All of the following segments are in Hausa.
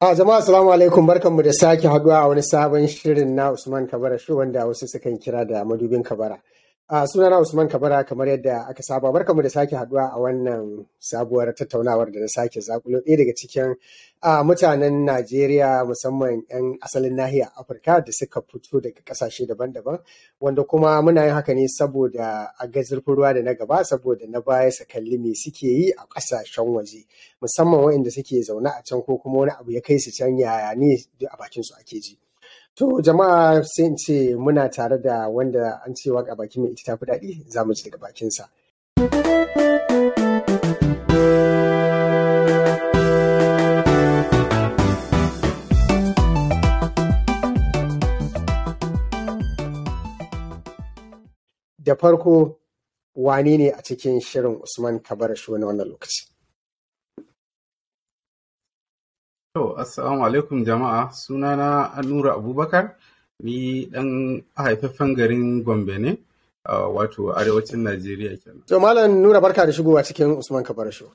A jama'a assalamu alaikum barkanmu da sake haɗuwa a wani sabon shirin na Usman Kabara shi wanda wasu sukan kira da madubin Kabara. A sunana Usman Kabara kamar yadda aka saba barkamu da sake haduwa a wannan sabuwar tattaunawar da na sake zakulo ɗaya daga cikin a mutanen Najeriya musamman 'yan asalin nahiyar Afirka da suka fito daga ƙasashe daban-daban wanda kuma muna yin haka ne saboda a ga ruwa da na gaba saboda na baya sakalli me suke yi a ƙasashen waje musamman waɗanda suke zaune a can ko kuma wani abu ya kai su can yaya ne a bakin su ake ji. To jama'a sai in ce muna tare da wanda an ce waka bakin mai ita tafi daɗi za mu ji daga bakinsa. Da farko wane ne a cikin shirin Usman Kabara shi wani wannan lokaci? Yau assalamu alaikum jama'a, sunana Nura Abubakar, ni ɗan haifaffen garin Gombe ne, wato arewacin Najeriya kenan. To, Malam Nura barka da shigowa cikin Usman Kabar Show.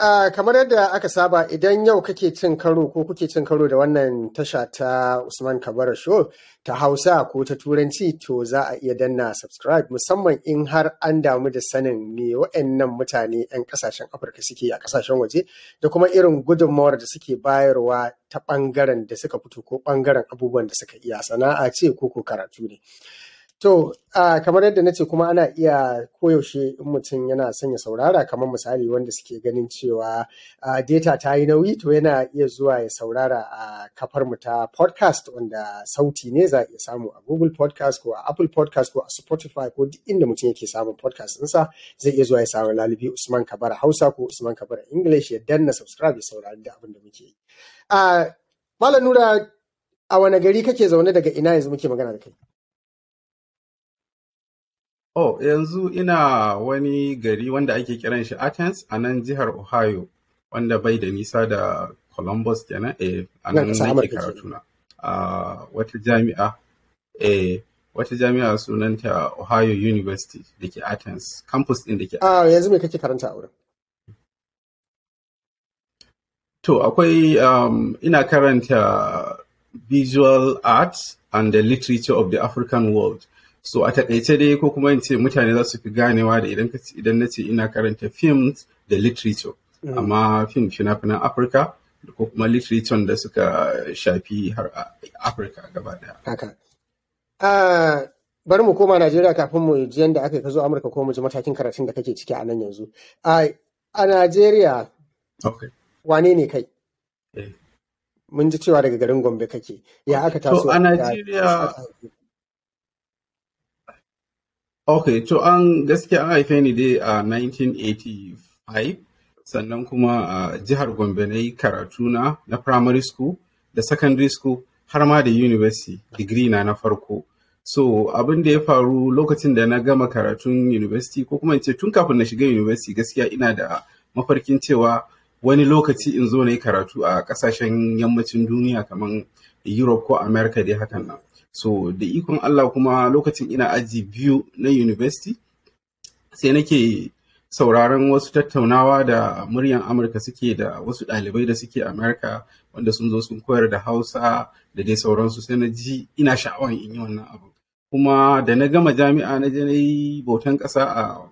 Uh, kamar yadda aka saba idan yau kake cin karo ko kuke cin karo da wannan tasha ta Usman Kabara Show ta Hausa ko ta Turanci to za a iya danna subscribe musamman in har an damu da sanin me wa'annan mutane 'yan kasashen Afirka suke a kasashen waje da kuma irin gudunmawar da suke bayarwa ta ɓangaren da suka fito ko bangaren abubuwan da suka iya sana'a ce ko karatu ne. To, uh, kamar yadda na ce kuma ana iya koyaushe in mutum yana sanya saurara kamar misali wanda suke ganin cewa uh, data ta yi nauyi to yana iya zuwa ya saurara a uh, kafar mu ta podcast wanda sauti ne za iya samu a Google podcast ko a Apple podcast ko a Spotify ko duk inda mutum yake samun podcast ɗinsa zai iya zuwa ya samu lalibi Usman kabar Hausa ko Usman kabar English ya danna subscribe ya saurari da abin da muke yi. Malam Nura a wane gari kake zaune daga ina yanzu muke magana da kai? Oh, yanzu ina wani gari wanda ake kiran shi Athens a nan jihar Ohio, wanda bai da nisa da Columbus kenan, eh, a nan Nan ƙasar nake A ah, wata jami'a, eh, wata jami'a sunanta Ohio University da ke Athens, campus ɗin da ke Ah, yanzu me kake karanta a wurin? To, akwai, um, ina karanta visual arts and the literature of the African world. So a takaice dai ko kuma in ce mutane za su fi ganewa da idan idan na ce ina karanta films da literature. Mm. Amma film fina-finan Afirka da ko kuma literature da suka shafi har Afirka gaba daya. Haka. bari mu koma Najeriya kafin mu ji yadda aka ka zo Amurka ko mu ji matakin karatun da kake ciki a nan yanzu. A Najeriya. Wane ne kai? Eh. Mun ji cewa daga garin Gombe kake. Ya aka taso. a Najeriya. Okay, to an gaskiya an haife ni dai a 1985 sannan kuma a jihar Gombe na yi karatu na na primary school da secondary school har ma da university degree na na farko. So abin da ya faru lokacin da na gama karatun university ko kuma in ce tun kafin na shiga university gaskiya ina da mafarkin cewa wani lokaci in zo na yi karatu a kasashen yammacin duniya kamar Europe ko America dai hakan nan. so da ikon Allah kuma lokacin ina aji biyu na university sai nake sauraron wasu tattaunawa da muryan amurka suke da wasu ɗalibai da suke Amurka, wanda sun zo sun koyar da hausa da dai sauransu sai na ji ina sha'awar in yi wannan abu kuma da na gama jami'a na je na yi bautan ƙasa a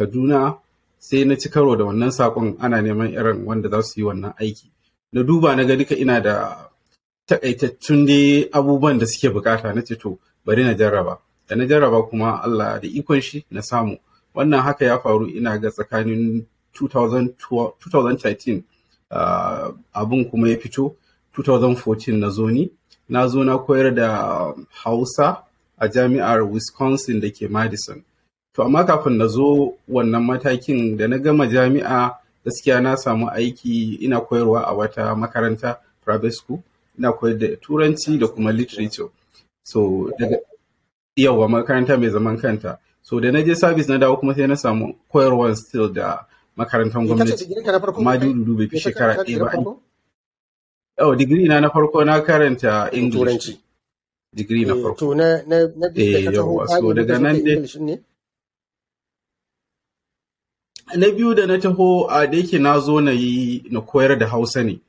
kaduna sai na ci karo da wannan saƙon ana neman irin wanda za su yi wannan aiki na duba na ga duka ina da taƙaitattun dai abubuwan da suke bukata na ce to bari na jarraba da na jarraba kuma Allah da ikon shi na samu wannan haka ya faru ina ga tsakanin 2013 ah, abun kuma ya fito 2014 na zo ni na zo na koyar da hausa a jami'ar wisconsin da ke madison to amma kafin na zo wannan matakin da na gama jami'a gaskiya na samu aiki ina koyarwa a wata makaranta private school ina koyar da turanci da kuma literature so daga yawa makaranta mai zaman kanta so da na je service na dawo kuma sai na samu koyarwar still da makarantar gwamnati ma dudu bai fi shekara ɗaya ba Oh, digiri na na farko na karanta English. Digiri na eh, farko. To na na na da eh, so daga nan ne. Na biyu da na taho a da yake na zo na yi na koyar da Hausa ne.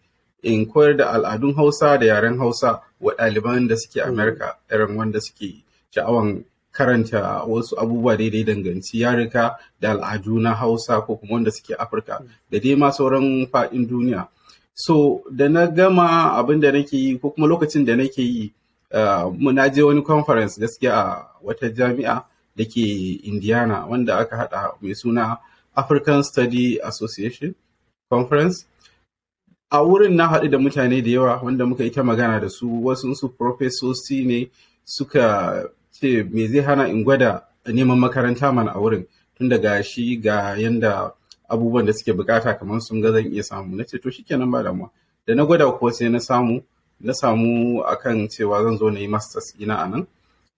in koyar da al'adun Hausa da yaren Hausa wa ɗaliban da suke mm. Amerika irin wanda suke sha'awan karanta wasu abubuwa daidai danganci yarika da al'adu na Hausa ko kuma wanda suke Afirka mm. da dai ma sauran faɗin duniya. So da na gama abin da nake yi ko kuma lokacin da nake yi ah, muna je wani conference gaskiya a wata jami'a da ke Indiana wanda aka haɗa mai suna African Study Association Conference. a wurin na haɗu da mutane da yawa wanda muka yi ta magana da su wasu su profesoci ne suka ce me zai hana in gwada neman makaranta mana a wurin tun daga shi ga yanda abubuwan da suke bukata kamar sun ga zan iya samu na ce to shikenan ba damuwa da na gwada ko sai na samu na samu akan cewa zan zo na yi masters ina a nan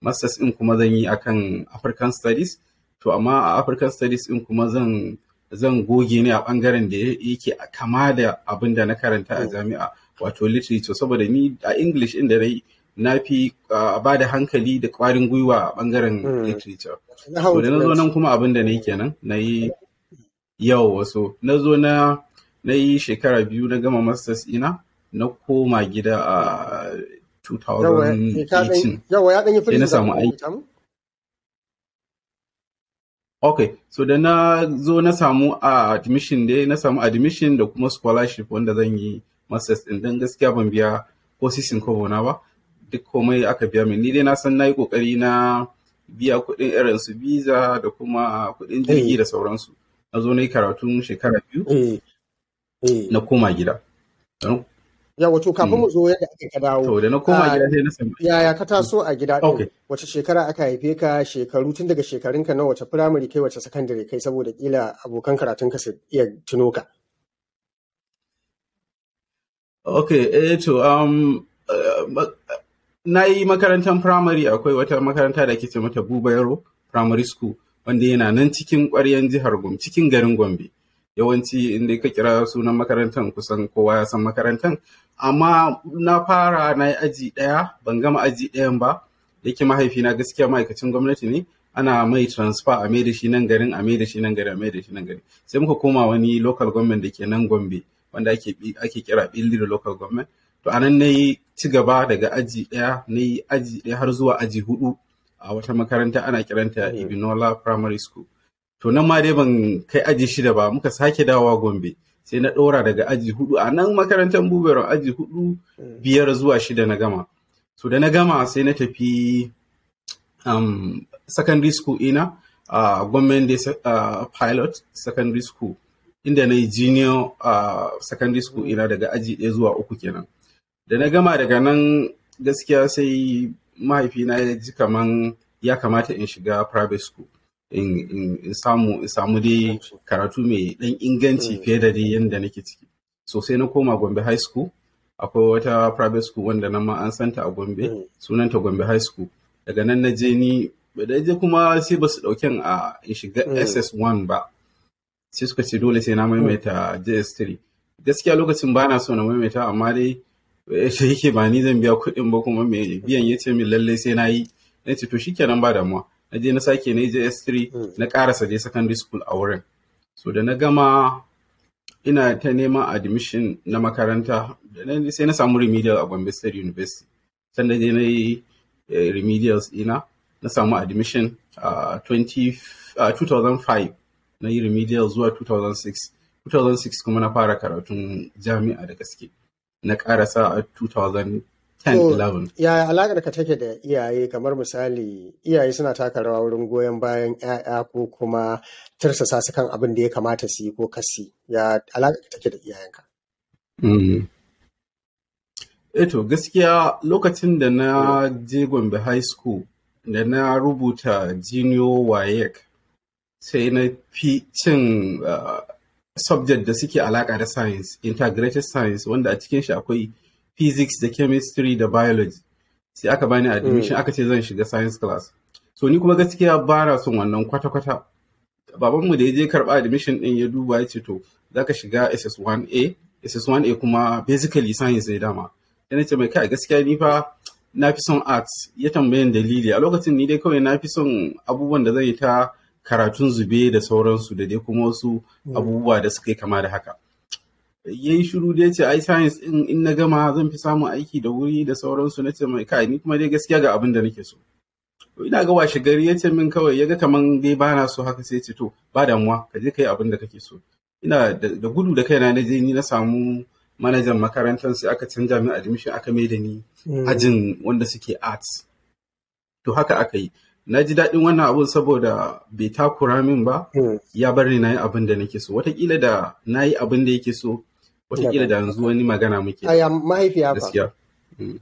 masters in kuma zan yi akan african studies to amma a african studies in kuma zan zan goge ne a bangaren da yake kama da abin da na karanta a mm. jami'a wato literature saboda ni a english inda na yi na fi ba da hankali da kwarin gwiwa a bangaren mm. literature na zo nan kuma abin da na yi kenan na yi yau wasu na zo na yi shekara biyu na gama masters ina na koma gida a 2018 yawa ya ɗanyi samu aiki Okay, so da na zo na samu a admission dai na samu admission da kuma scholarship wanda zan yi masters din dan gaskiya ban biya ko sisin na ba duk komai aka biya min ni dai na san nayi kokari na biya kuɗin irin su visa da kuma kuɗin jirgi eh. da sauransu na zo na yi karatun shekara biyu eh. Eh. na koma gida yawa to kafin mu hmm. zo yadda ake ka dawo to da na koma ah, gida sai na sami yaya ka taso a gida ɗin? wace shekara aka haife ka shekaru tun daga shekarun ka na wace primary kai wace secondary kai saboda kila abokan karatun ka su iya tuno ka okay eh to um eh, na yi makarantar firamare akwai wata makaranta da ke ce mata Bubayaro Primary School wanda yana nan cikin ƙwaryen jihar Gombe cikin garin Gombe yawanci in dai ka kira sunan makarantar kusan kowa ya san makarantar amma na fara na yi aji ɗaya ban gama aji ɗayan ba yake mahaifina gaskiya ma'aikacin gwamnati ne ana mai transfer a mai da shi nan garin a mai da shi nan gari a mai da shi nan gari sai muka koma wani local government da ke nan gombe wanda ake ake kira da local government to anan nan na yi ci gaba daga aji ɗaya na yi aji ɗaya har zuwa aji hudu a wata makaranta ana kiranta ibinola primary school to nan ma dai ban kai aji shida ba muka sake dawowa gombe sai na ɗora daga aji hudu a nan makarantar buberon aji hudu biyar zuwa shida na gama so da na gama sai na tafi um, secondary school ina a uh, government day uh, pilot secondary school inda na yi junior uh, secondary school ina daga aji ɗaya zuwa uku kenan da na gama daga nan gaskiya sai mahaifina ya ji kaman ya kamata in shiga private school in samu in samu dai karatu mai dan inganci fiye da dai yanda nake ciki Sosai na koma Gombe High School akwai wata private school wanda nan ma an santa a Gombe mm. sunanta Gombe High School daga nan na je ni da je kuma sai basu su a in shiga mm. SS1 ba sai suka ce dole sai na maimaita JS3 gaskiya lokacin ba na so na maimaita amma dai da eh, yake ba ni zan biya kuɗin ba kuma mai biyan ya ce min lallai sai na yi na ce to kenan ba damuwa na je na sake na je s 3 mm. na karasa dai secondary school a wurin so da na gama ina ta neman admission na makaranta sai na samu remedial a Gombe State University sannan je na yi eh, remedials ina na samu admission a 2005 na yi remedial zuwa 2006 2006 kuma na fara karatun jami'a da gaske na karasa a 2000 10-11. Yaya alaƙar ka take da iyaye kamar misali iyaye suna taka rawa wurin goyon bayan 'ya'ya ko kuma tirsasa su kan abin da ya kamata su yi ko kasi ya alaƙar ka take da iyayenka? Mm-hmm. Eto eh gaskiya lokacin da na je Gombe High School da na rubuta jiniyo WAEC sai na fi cin ah, subject da suke alaƙa da science, integrated science wanda a cikin shi akwai physics da chemistry da biology sai aka bani admission mm. aka ce zan shiga science class so ni kuma gaskiya ba na son wannan kwata-kwata babanmu da ya je karba admission ɗin ya duba ya ce to zaka shiga ss1a ss1a kuma basically science ne dama na ce mai kai gaskiya ni fa na fi son arts ya tambayin dalili a lokacin ni dai kawai na fi son abubuwan da zan yi ta karatun zube da sauransu da dai kuma wasu mm. abubuwa da suka yi kama da haka ya yi shiru da ya ce ai science in in na gama zan fi samun aiki da wuri da sauransu na ce mai kai ni kuma dai gaskiya ga abin da nake so ina ga washe gari ya ce min kawai ya ga kaman dai ba na so haka sai ce to ba damuwa ka je ka yi abin da kake so ina da gudu da kai na na je ni na samu manajan makarantar sai aka canja min admission aka mai da ni hmm. ajin wanda suke arts to haka aka yi na ji daɗin wannan abun saboda bai takura min ba hmm. ya bar ni na yi abin da nake so watakila da na yi abin da yake so wataƙila da yanzu wani magana muke aya mahaifiya gaskiya mm.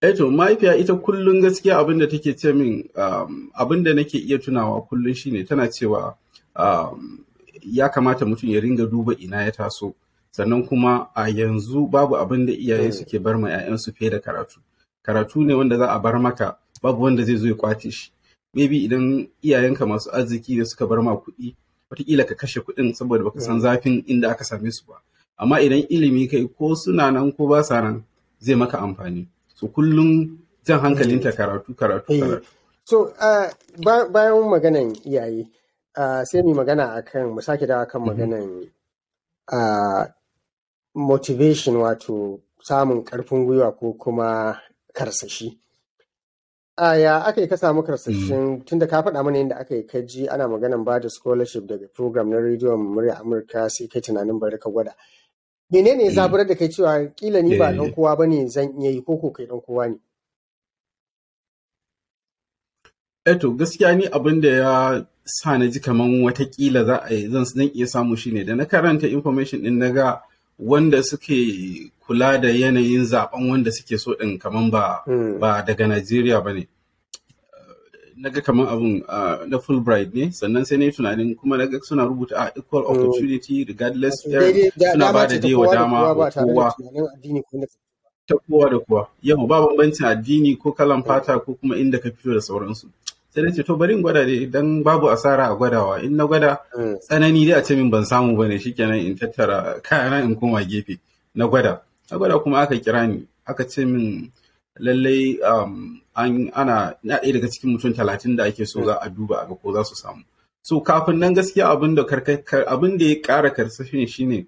Eto, eh mahaifiya ita kullum gaskiya abin da take ce min um, abin da nake iya tunawa kullun shine tana cewa um, ya kamata mutum ya ringa duba ina ya taso sannan kuma a yanzu babu abin da iyaye suke bar ma 'ya'yansu fiye da karatu karatu ne wanda za a bar maka babu wanda zai zo ya kwace shi maybe idan iyayenka masu arziki da suka bar ma kuɗi wataƙila ka kashe kuɗin saboda baka san zafin inda aka same su ba amma idan ilimi kai ko suna nan ko ba sa nan zai maka amfani so kullum jan hankalinta karatu karatu eh, so eh, bayan maganan iyaye ah, sai mu magana akan mu sake dawa kan mm-hmm. maganan ah, motivation wato samun karfin gwiwa ko kuma karsashi Aya aka yi ka samu karsashin mm. tunda ka faɗa mana yadda aka yi ka ji ana magana ba da scholarship daga program na rediyon murya Amurka sai kai tunanin bari ka gwada. Menene ya mm. zaburar da kai cewa kila ni ba eh. ɗan kowa ba ne zan iya yi koko kai ɗan kowa ne? Eto eh gaskiya ni abin da ya sa na ji kaman watakila za a yi zan iya samu shi ne da na karanta information ɗin na ga wanda suke kula da yanayin zaben wanda suke so din kamar ba hmm. ba daga Najeriya ba ne. Eh, na kamar abin ah, na Fulbright ne sannan sai na yi tunanin kuma na suna rubuta a ah, equal hmm. opportunity regardless eh, suna ba da dewa dama ko kowa ta kowa da kowa yau ba bambancin addini ko kalan hmm. fata ko kuma inda ka fito da sauransu sai na ce to bari in gwada dai don babu asara a gwadawa in na gwada tsanani dai a ce min ban samu ba bane shikenan in tattara kayana in koma gefe na gwada agwada kuma aka kira ni aka ce min lallai um, ana na ɗaya daga cikin mutum talatin da ake so za a duba a ko za su samu. So kafin nan gaskiya abin da abin da ya ƙara karsashin shine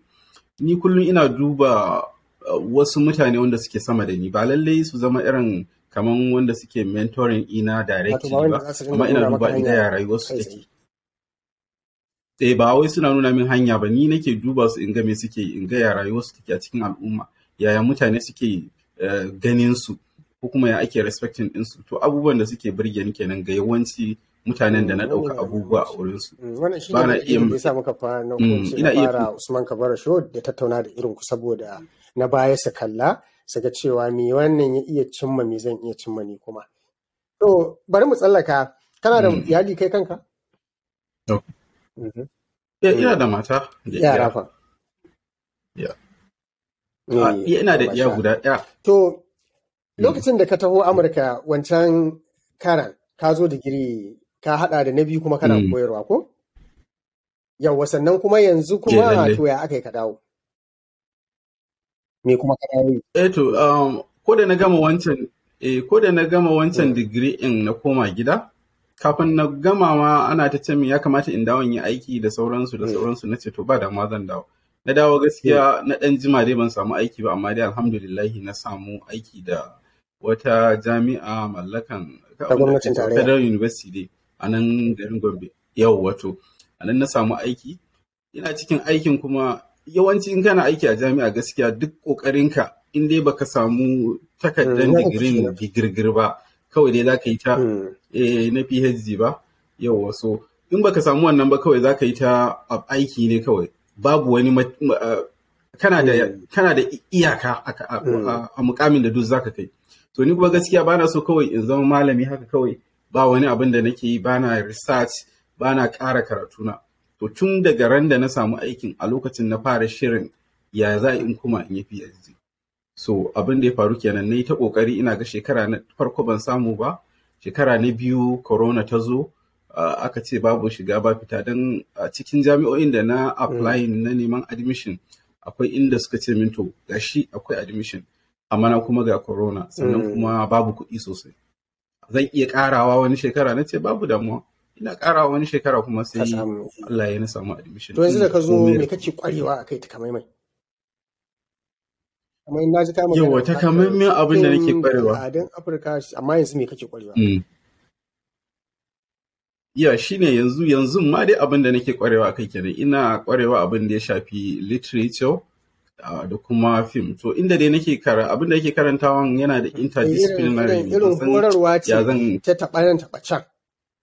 ni kullum ina duba uh, wasu mutane wanda suke sama da ni ba lallai su zama irin kamar wanda suke mentoring ina directly ba amma ina duba in ga rayuwar take eh ba wai suna nuna min hanya ba ni nake duba su in ga me suke in ga ya rayuwar take a cikin al'umma yaya mutane suke eh, ganin su ko kuma ya ake respecting din su to abubuwan da suke burge ni kenan ga yawanci mutanen da na mm, ɗauka abubuwa a wurin su mm, ba na iya yasa muka fara mm, na ko ina iya Usman Kabara show da tattauna da irin ku saboda na baya su kalla ga cewa me wannan ya iya cimma me zan iya cimma ni kuma to bari mu tsallaka kana da iyali kai kanka mm-hmm. eh, ina da mata Ya yara fa Ah, mm. yana da iya guda ɗaya. To, lokacin da ka taho Amurka wancan karan, ka zo digiri ka haɗa da na biyu kuma kana mm. koyarwa ko? Yawwa sannan kuma yanzu kuma to ya aka yi ka dawo. Me kuma ka dawo? Eh to, um, ko da na gama wancan eh ko da na gama wancan mm. digiri in na koma gida, kafin na gama ma ana ta ce ya kamata in dawo in yi aiki da sauransu da sauransu na ce to ba damuwa zan dawo. na dawo gaskiya na ɗan jima dai ban samu aiki ba amma dai alhamdulillahi na samu aiki da wata jami'a mallakan ta University dai a nan garin Gombe yau wato a nan na samu aiki ina cikin aikin kuma yawanci in kana aiki a jami'a gaskiya duk ƙoƙarinka in dai baka samu takardar hmm, digirin digirgir ba kawai dai zaka yi ta hmm. eh, na PhD ba yau wasu in baka samu wannan ba kawai zaka yi ta aiki ne kawai babu wani hmm. kana da iyaka a hmm. mukamin da duk zaka kai to ni kuma gaskiya bana so kawai in zama malami haka kawai ba wani abin da nake yi bana research bana ƙara karatuna to tun daga ran da na samu aikin a lokacin na fara shirin ya za in kuma in yi PhD so abin da ya faru kenan na ta kokari ina ga shekara na farko ban samu ba shekara na biyu corona ta zo aka ce babu shiga ba fita don a cikin jami'o'in da na applying mm. na neman admission akwai inda suka ce min to shi akwai admission amma na kuma ga corona sannan mm. kuma babu kuɗi sosai zan iya karawa wani shekara na ce babu damuwa ina karawa wani shekara kuma sai Allah ya na samu admission to yanzu da ka zo me kake kwarewa akai ta kamai mai kamar na ji ta magana yawa ta mai abin da nake kwarewa a dan Afirka amma yanzu me kake kwarewa mm. Yeah, shi ne yanzu yanzu ma dai abin da nake kwarewa a kai kenan. Ina kwarewa abin da ya shafi literature da kuma film. To inda dai nake kara abin da yake karantawan yana da eh, interdisciplinary irin ne. irin horarwa ce zan ta taɓa nan taɓa can.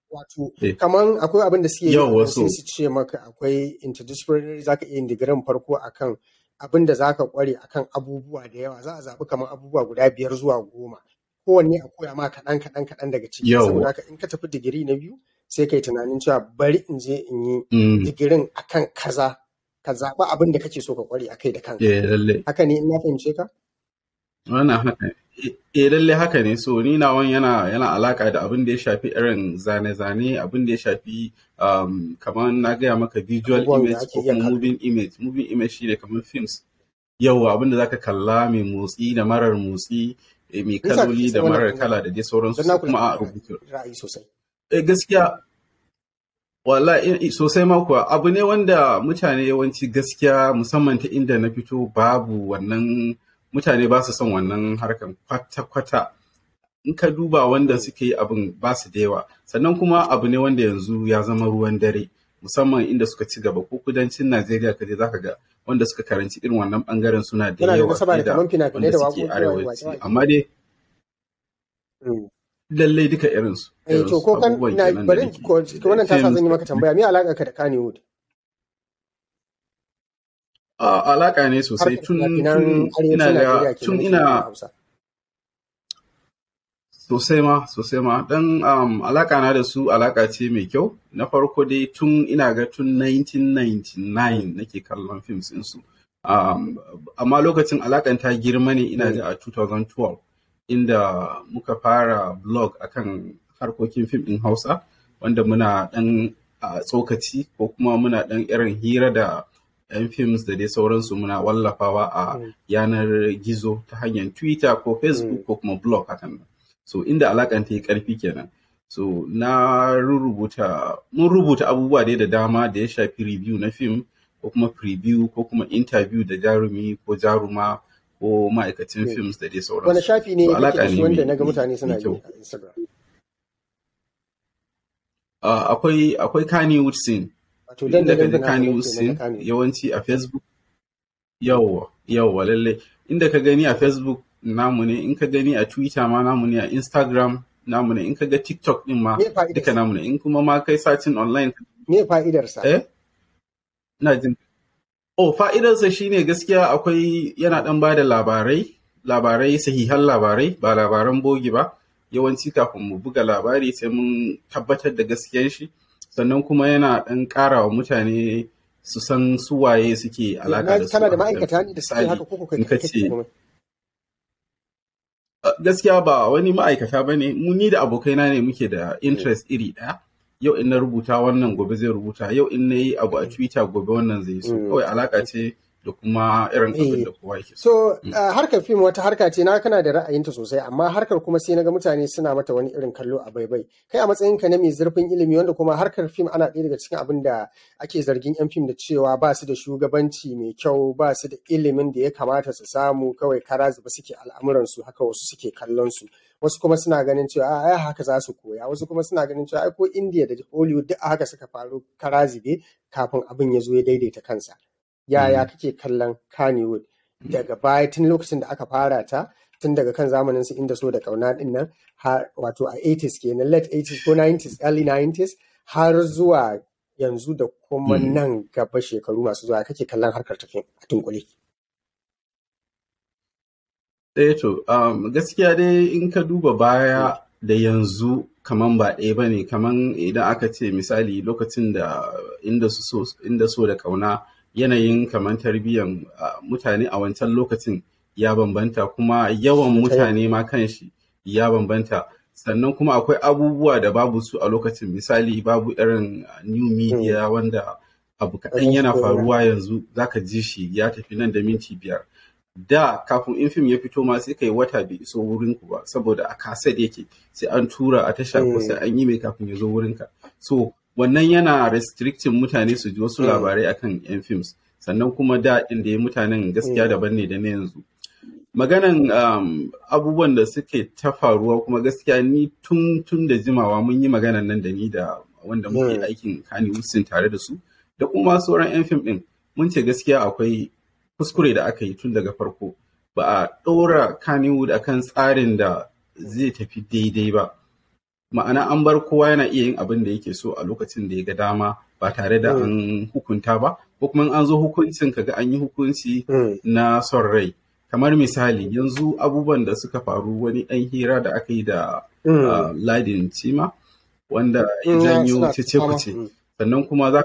Wato, eh. kaman akwai abin da suke yi su ce maka akwai interdisciplinary zaka iya yin digirin farko akan abin da zaka kware akan abubuwa da yawa za a zaɓi kaman abubuwa guda biyar zuwa goma. Kowanne a koya ma kaɗan kaɗan kaɗan daga ciki. Saboda in ka tafi digiri na biyu sai kai tunanin cewa bari in je in yi mm. digirin akan kaza ka zaɓa abin da kake so ka kware akai da kanka eh, haka ne in na fahimce ka wannan haka e lalle haka ne so ni na wani yana yana alaka da abin da ya shafi irin zane-zane abin da ya shafi um, kamar na gaya maka visual image ko kuma moving image moving image shine kamar films yau abin da zaka kalla mai motsi da marar motsi mai kaloli da marar kala da dai sauransu kuma a rubutu sosai Eh gaskiya Wala sosai makuwa, abu ne wanda mutane yawanci gaskiya musamman ta inda na fito babu wannan mutane ba su son wannan harkan kwata-kwata in ka duba wanda suke yi abin ba su da yawa sannan kuma abu ne wanda yanzu ya zama ruwan dare musamman inda suka ci gaba ko kudancin Najeriya ka za ka ga wanda suka karanci irin wannan bangaren suna da yawa da wanda suke arewaci amma dai hmm. lallai duka irin su. Eh, to ko kan na bari ko wannan ta sa zan yi maka tambaya me alaka ka da Kanye Kannywood? A alaka ne sosai tun ina ga tun ina sosai ma sosai ma dan um, alaka na da su alaka ce mai kyau na farko dai tun ina ga tun 1999 nake kallon fim su um, amma lokacin alakan ta girma ne ina ji mm. a 2012 inda muka fara blog akan harkokin fim ɗin Hausa wanda muna ɗan a tsokaci ko kuma muna ɗan irin hira da 'yan films da dai sauransu muna wallafawa a mm. yanar gizo ta hanyar Twitter ko Facebook mm. ko kuma blog hakan So inda alakan ta yi ƙarfi kenan. So na rubuta mun rubuta abubuwa dai da dama da ya shafi review na fim ko kuma preview ko kuma interview da jarumi ko jaruma ko ma'aikacin hmm. films da dai sauransu. Wani shafi ne kake shi wanda na mutane suna yi a Instagram? Akwai akwai Woodson. scene. Inda ka ji Kannywood scene yawanci a Facebook. Yawwa yawwa lallai. Inda ka gani a Facebook namu ne in ka gani a Twitter ma namu ne a Instagram namu ne in ka ga TikTok din ma duka namu ne in kuma ma kai satin online. Me fa'idarsa? Eh? Na jin Oh, fa'idarsa shi ne gaskiya akwai yana ɗan ba da labarai, labarai sahihan labarai, ba labaran bogi ba. Yawanci kafin mu buga labari sai mun tabbatar da gaskiyar shi, sannan kuma yana ɗan ƙara wa mutane su san suwaye waye suke alaƙa da su. Kana da ma'aikata ne da suke haka kace. Gaskiya ba wani ma'aikata ba ne, mu ni da abokaina ne muke da interest iri ɗaya. yau in na rubuta wannan gobe zai rubuta yau in na yi abu a mm. twitter gobe wannan zai so mm. kawai alaka ce da kuma irin abin eh. da kowa yake so mm. harkar fim wata harka ce na kana da ra'ayinta sosai amma harkar kuma sai naga mutane suna mata wani irin kallo a baibai kai a matsayin ka na mai zurfin ilimi wanda kuma harkar fim ana ɗaya daga cikin abin da ake zargin yan fim da cewa ba su da shugabanci mai kyau ba su da ilimin da ya kamata su samu kawai kara zuba suke al'amuransu haka wasu suke kallon su wasu kuma suna ganin cewa ai haka za su koya wasu kuma suna ganin cewa ai ko India da Hollywood duk haka suka faru karazibe kafin abin ya zo ya daidaita kansa yaya mm. kake kallon Kannywood daga baya tun lokacin da aka fara ta tun daga kan zamanin su inda so da kauna din nan wato a 80s kenan late 80s ko 90s early 90s har zuwa yanzu da kuma mm. nan gaba shekaru masu zuwa kake kallon harkar tafiya a tunkule. Eh to, um, gaskiya dai in ka duba baya mm. da yanzu kaman ba ɗaya ba ne, kaman idan aka ce misali lokacin da inda so, da ƙauna yanayin kaman tarbiyyan mutane a wancan lokacin ya bambanta kuma yawan mutane ma kan shi ya bambanta. Sannan kuma akwai abubuwa da babu su a lokacin misali babu irin new media mm. wanda abu kaɗan yana faruwa yanzu zaka ji shi ya tafi nan da minti biyar. da kafin in fim ya fito ma sai kai wata bai iso wurin ku ba saboda a kaset yake sai an tura a tasha ko sai an yi mai kafin ya zo wurin ka so wannan yana restricting mutane su ji wasu mm. labarai akan yan films sannan kuma da din da ya mutanen gaskiya mm. daban ne da na yanzu maganan um, abubuwan da suke ta faruwa kuma gaskiya ni tun tun da jimawa mun yi maganan nan da ni da wanda muke mm. aikin kani tare da su da kuma sauran yan fim din mun ce gaskiya akwai kuskure da aka yi tun daga farko ba a ɗora a kan tsarin da zai tafi daidai ba ma'ana an bar kowa yana iya yin abin da yake so a lokacin da ya ga dama ba tare da an mm. hukunta ba ko kuma an zo hukuncin kaga an yi hukunci mm. na son rai kamar misali yanzu abubuwan da suka faru wani ɗan hira da aka yi da mm. ah, ladin cima wanda ya janyo cece sannan kuma za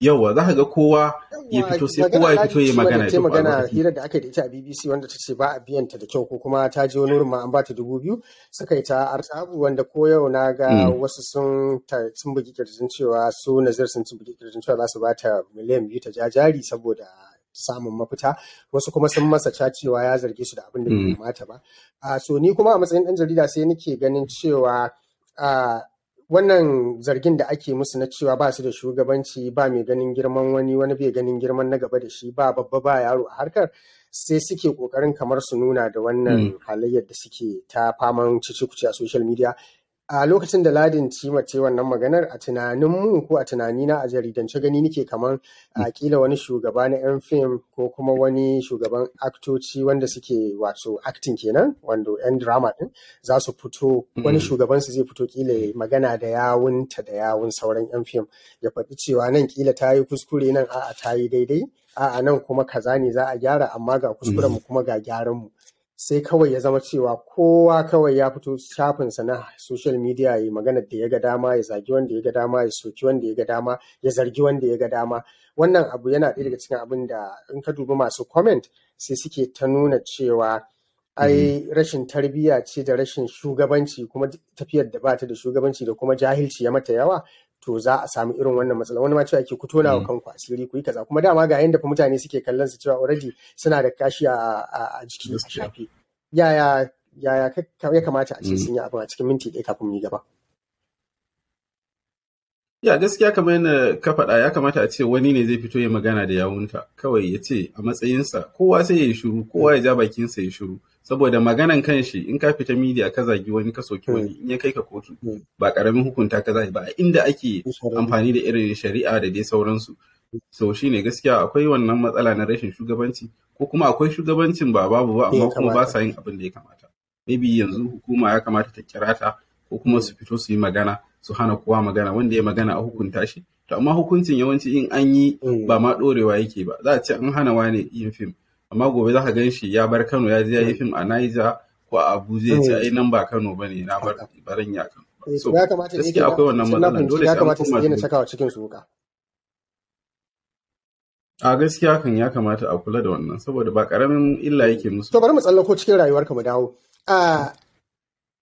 yawa za ka ga kowa ya fito sai kowa ya fito ya magana ta magana hira da aka yi da ita a BBC wanda ta ce ba a biyan ta da kyau ko kuma ta je wani ma an ba ta dubu biyu suka yi ta artabu wanda ko yau na ga hmm. wasu sun sun bugi kirjin cewa su nazir sun bugi kirjin cewa za su ba ta miliyan biyu ta jajari saboda samun mafita wasu kuma sun masa cewa ya zarge su da abin da bai hmm. kamata ba a so ni kuma a matsayin dan jarida sai nake ganin cewa wannan zargin da ake musu na cewa ba su da shugabanci ba mai ganin girman wani wani bai ganin girman na gaba da shi ba babba ba yaro a harkar sai suke kokarin kamar su nuna da wannan mm. halayyar da suke ta faman cici a social media a lokacin da ladin ci mace wannan maganar a tunanin mu ko a tunani na a jaridance gani nike kamar a kila wani shugaba na yan fim ko kuma wani shugaban aktoci wanda suke wato aktin kenan wando yan drama din za su fito wani mm. shugaban su zai fito kila magana da yawunta da yawun sauran yan fim ya faɗi cewa nan kila ta yi kuskure nan a'a ta yi daidai a'a nan kuma kaza ne za a gyara amma ga kuskuren mu mm. kuma ga gyaran mu sai kawai ya zama cewa kowa kawai ya fito shafinsa na social media ya yi magana da ya ga dama ya zagi wanda ya ga dama ya soki wanda ya ga dama ya zargi wanda ya ga dama wannan abu yana ɗaya daga cikin abin da in ka dubi masu comment sai suke ta nuna cewa ai mm-hmm. rashin tarbiyya ce da rashin shugabanci kuma tafiyar da bata da shugabanci da kuma jahilci ya mata yawa to za a samu irin wannan matsala wani ma cewa ke ku tona wa mm. kanku asiri ku yi kaza kuma dama ga yanda fa mutane suke kallon su cewa already suna da kashi a jiki a shafe yaya yaya ya kamata a ce mm. sun yi abu a cikin minti ɗaya kafin yi gaba ya gaskiya kamar yana ka faɗa ya kamata a ce wani ne zai fito ya magana da yawunta kawai ya ce a matsayinsa kowa sai ya yi shiru kowa ya ja bakinsa ya shiru saboda maganan kan shi in ka fita media ka zagi wani ka soki wani hmm. in ya kai ka kotu hmm. ba karamin hukunta ka zagi ba inda ake amfani da irin shari'a da dai sauransu so ne gaskiya akwai wannan matsala na rashin shugabanci ko kuma akwai shugabancin ba babu ba amma kuma ba sa yin abin da ya kamata maybe yanzu hukuma ya kamata ta kira ta ko kuma su fito su yi magana su hana kowa magana wanda ya magana a hukunta shi to amma hukuncin yawanci in an yi hmm. ba ma dorewa yake ba za a ce an hana wane yin fim amma gobe za ka gan shi ya bar Kano ya je ya yi fim a naija ko a Abuja ya ce ai nan ba Kano bane na bar barin ya kan eh, so gaskiya akwai wannan matsalan dole sai an kuma ya sakawa cikin su wuka a gaskiya kan ya kamata a kula da wannan saboda ba karamin illa yake musu to bari mu tsallako cikin rayuwar ka mu dawo a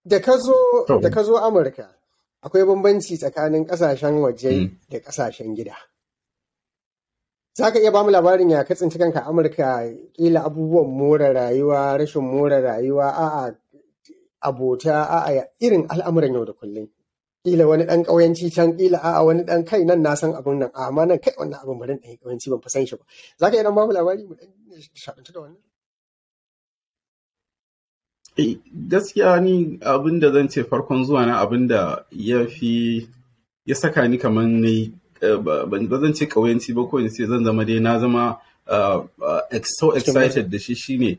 da ka zo da ka zo Amurka akwai bambanci tsakanin kasashen waje hmm. da kasashen gida Za ka iya ba mu labarin ya katsin cikin ka Amurka kila abubuwan more rayuwa, rashin more rayuwa, a'a abota, a'a irin al'amuran yau da kullum. Kila wani ɗan ƙauyenci can, kila a'a wani ɗan kai nan na san abun nan, amma nan kai wannan abin bari ɗan ƙauyenci ban fasan san shi ba. Za ka iya ba mu labari mu ɗan shaɗantu da wannan? Eh, gaskiya ni abin da zan ce farkon zuwa na abin da ya fi ya saka ni kamar na Eh, ba zan ce ƙauyanci ba ko in ce zan zama dai na zama ah, ah, so excited da shi shine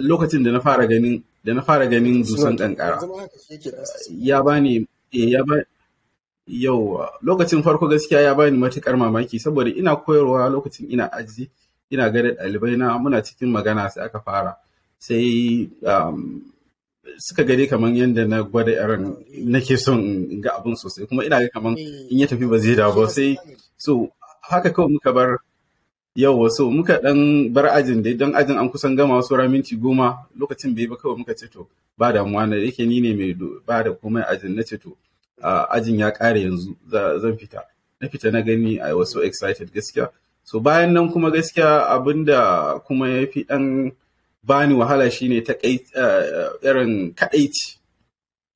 lokacin da na fara ganin da na fara ganin dusan kankara ya bani eh, ya ba yau lokacin farko gaskiya ya bani matukar mamaki saboda ina koyarwa lokacin ina aji ina gada ɗalibai na muna cikin magana sai aka fara sai um, suka gade kamar yadda na gwada yaran nake son ga abun sosai kuma ina ga kamar eh. in ya tafi ba zai dawo ba sai so haka kawai muka bar yau so muka dan bar ajin dai don ajin an kusan gama wasu minti goma lokacin bai ba kawai muka ce to ba damuwa na yake ni ne mai ba da komai ajin na ce to ajin ya kare yanzu zan fita na fita na gani a wasu excited gaskiya so bayan nan kuma gaskiya abinda kuma ya fi dan bani wahala shine ta eh, irin kadaici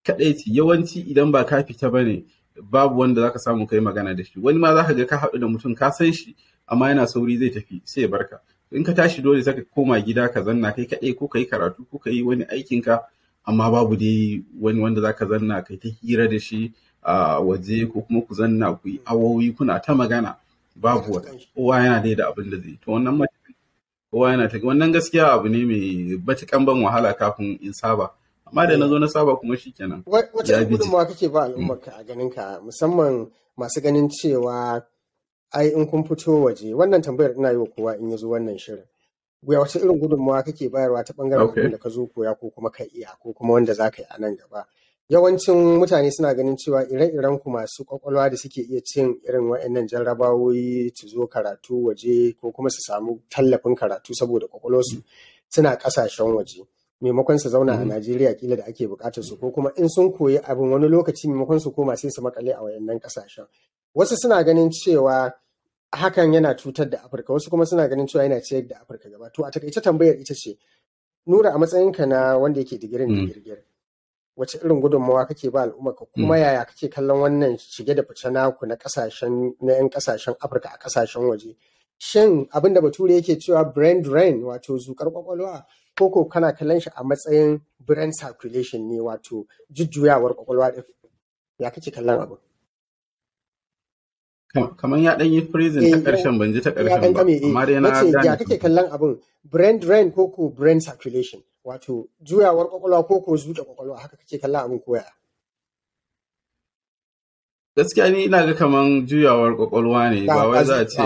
kadaici yawanci idan ba ka fita ne, babu wanda zaka samu kai magana da shi wani ma zaka ga ka haɗu da mutum ka san shi amma yana sauri zai tafi sai ya barka in ka tashi dole zaka koma gida ka zanna kai kaɗai ko ka yi karatu ko ka yi wani aikin ka amma babu dai wani wanda zaka zanna kai ta hira da shi a waje ko kuma ku zanna ku yi awowi kuna ta magana babu wata kowa yana dai da abin da zai to wannan kowa yana ta wannan gaskiya abu ne mai batikan ban wahala kafin in saba amma da na zo na saba kuma shi kenan wace gudunmawa kake ba mm. al'ummarka a ganin ka musamman masu ganin cewa ai in kun fito waje wannan tambayar ina yi wa kowa in ya zo wannan shirin ya wace irin gudunmawa kake bayarwa ta bangaren abin da ka zo koya ko kuma ka iya ko kuma wanda za ka yi a nan gaba yawancin mutane suna ganin cewa ire-iren ku masu kwakwalwa da suke iya cin irin wa'annan jarrabawoyi su zo karatu waje ko kuma su samu tallafin karatu saboda kwakwalwarsu suna kasashen waje maimakon su zauna a mm-hmm. Najeriya kila da ake bukatar su ko kuma in sun koyi abin wani lokaci maimakon su koma sai su makale a wayannan ƙasashen wasu suna ganin cewa hakan yana cutar da Afirka wasu kuma suna ganin cewa yana ciyar da Afirka gaba to a takaice tambayar ita ce Nura a matsayinka na wanda yake digirin mm. digirgir wace irin gudunmawa kake ba al'umma ka kuma hmm. yaya kake kallon wannan shige da fice naku na kasashen na 'yan kasashen afirka a kasashen waje shin abin da bature yake cewa brand rain wato zukar kwakwalwa koko kana kallon shi a matsayin brand circulation ne wato jujjuyawar kwakwalwa din ya kake kallon abu kamar ya ɗan yi prison ta eh, ƙarshen ban ji ta ƙarshen ba eh. amma dai na gane ya kake kallon brand rain ko koko brand circulation wato juyawar kwakwalwa ko ko zuke kwakwalwa haka kake kallon abin koya gaskiya ni ina ga kaman juyawar kwakwalwa ne ba wai za a ce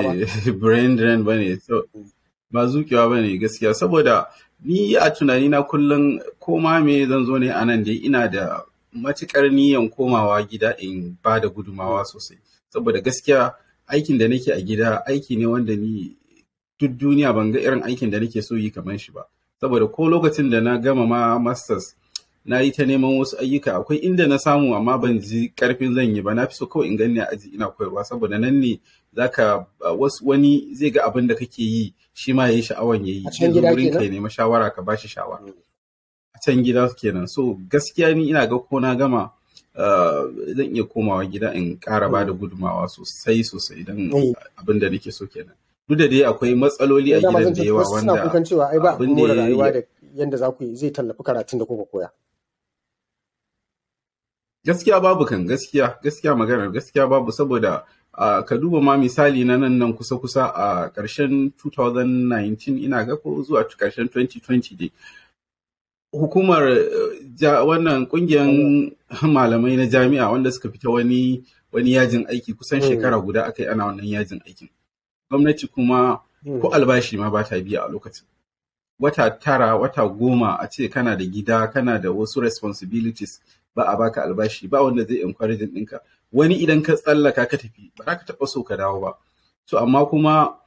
brain drain ba ne so mm. ba zukewa ba ne gaskiya saboda ni a tunani na kullum ko ma me zan zo ne a nan dai ina da matukar niyan komawa gida in ba da gudumawa mm. sosai saboda gaskiya aikin da nake a gida aiki ne wanda ni duk duniya ban ga irin aikin da nake so yi kamar shi ba saboda ko lokacin da na gama ma masters na yi ta neman wasu ayyuka akwai inda na samu amma ban ji karfin zan yi ba na fi so kawai in ganni a aji ina koyarwa saboda nan ne zaka wasu wani zai ga abin da kake yi shi ma yayi sha'awan yayi zai wurin kai nema shawara ka bashi shawara hmm. a can gida kenan so gaskiya ni ina ga ko na gama zan iya komawa gida in ƙara ba da hmm. gudumawa sosai sosai don hmm. abin da nake so kenan duk da dai akwai matsaloli a gidan da yawa wanda suna kukan cewa ai ba abin da rayuwa da yanda za ku zai tallafi karatun da kuka koya gaskiya babu kan gaskiya gaskiya maganar gaskiya babu saboda Uh, ka duba ma misali na nan nan kusa-kusa a uh, ƙarshen 2019 ina ga ko zuwa ƙarshen 2020 dai hukumar ja, wannan ƙungiyar malamai na jami'a wanda suka fita wani wani yajin aiki kusan hmm. shekara guda aka yi ana wannan yajin aikin gwamnati kuma hmm. ko albashi ma ba ta biya a lokacin wata tara wata goma a ce kana da gida kana da wasu responsibilities ba a baka albashi ba wanda zai encourage ɗinka wani idan ka tsallaka ka tafi ba za ka taɓa so ka dawo ba To amma kuma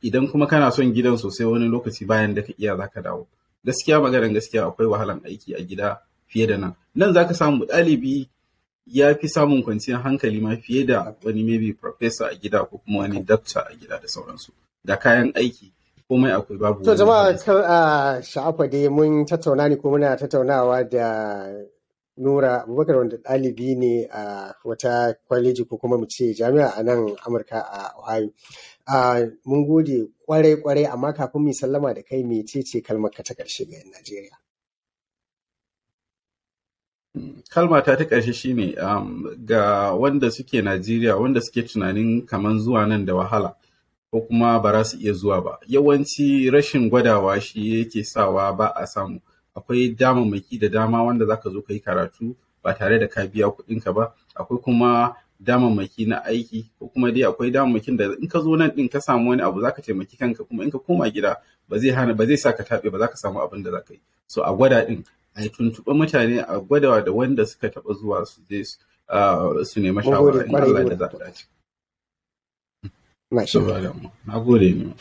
idan kuma kana son gidan sosai wani lokaci bayan da ka iya za ka dawo gaskiya maganar gaskiya akwai wahalan aiki a gida fiye da nan nan za ka samu ɗalibi ya fi samun kwanciyar hankali ma fiye da wani maybe professor a gida ko kuma wani doctor a gida da sauransu da kayan aiki komai akwai babu to jama'a a sha'afa dai mun tattauna ne ko muna tattaunawa da Nura Abubakar wanda ɗalibi ne a wata kwaleji ko kuma mu ce jami'a a nan Amurka a Ohio. Mun gode kwarai kwarai amma kafin mu sallama da kai ce kalmar ka ta karshe ga 'yan Najeriya. Kalma ta ƙarshe shine ne um, ga wanda suke Najeriya wanda suke tunanin kaman zuwa nan da wahala ko kuma ba za su iya zuwa ba. Yawanci rashin gwadawa shi yake sawa ba a samu. Akwai damammaki da dama wanda za ka zo ka yi karatu ba tare da ka biya kuɗinka ba. Akwai kuma damammaki na aiki ko kuma dai akwai damammakin da in ka zo nan din ka samu wani abu za ka taimaki kanka kuma in ka koma gida ba zai hana ba zai sa ka taɓe ba za ka samu abin da za ka yi. So a gwada ɗin a tuntuɓa mutane a gwada da wanda suka taɓa zuwa su je su nema shawara in Allah da za ta dace. Na gode ne.